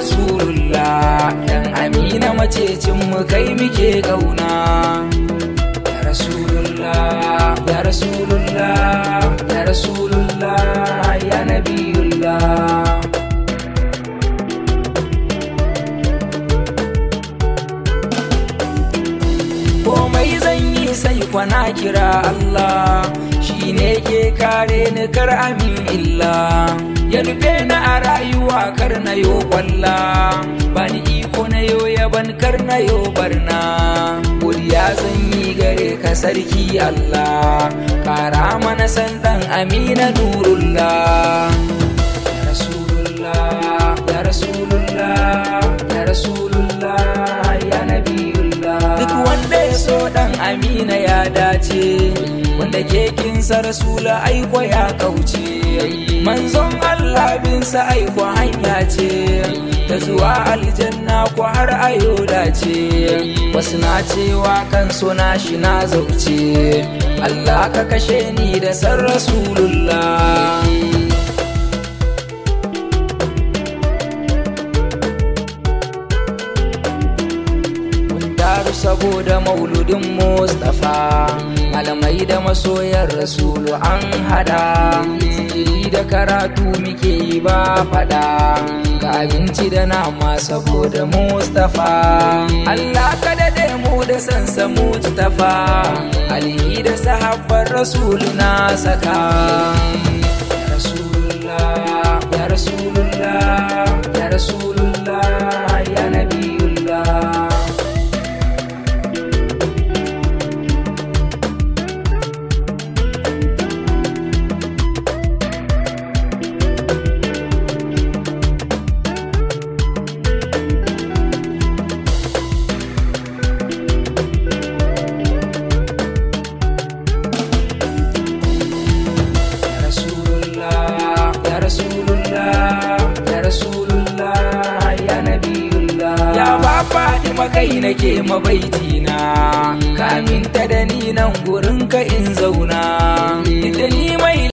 rasulullah dan amina macecin mu kai muke kauna ya rasulullah ya rasulullah ya rasulullah ya nabiyullah komai zan yi sai kwana kira Allah shi ne ke kare ni kar amin illa ya nufe na a rayuwa kar na yo kwalla ba ni iko na yo yaban kar na yo barna godiya zan yi gare ka sarki Allah kara mana sandan amina nurullah ya rasulullah ya rasulullah ya rasulullah ya nabiyullah duk wanda ya so dan amina ya dace da kekin sa rasula aiko ya kauce manzon Allah bin sa aiko hanya ce Da zuwa aljanna ko har ayo dace wasu na cewa kan suna shi na zauce Allah ka kashe ni da san rasulullah saboda mauludin Mustapha malamai da masoyar rasulu an hada zikiri da karatu muke yi ba fada ga abinci da nama saboda mustafa allah ka daɗe mu da sansa mustafa alihi da sahabbar rasulu na saka kuma kai nake mabaiti na kaminta da ni nan gurin ka in zauna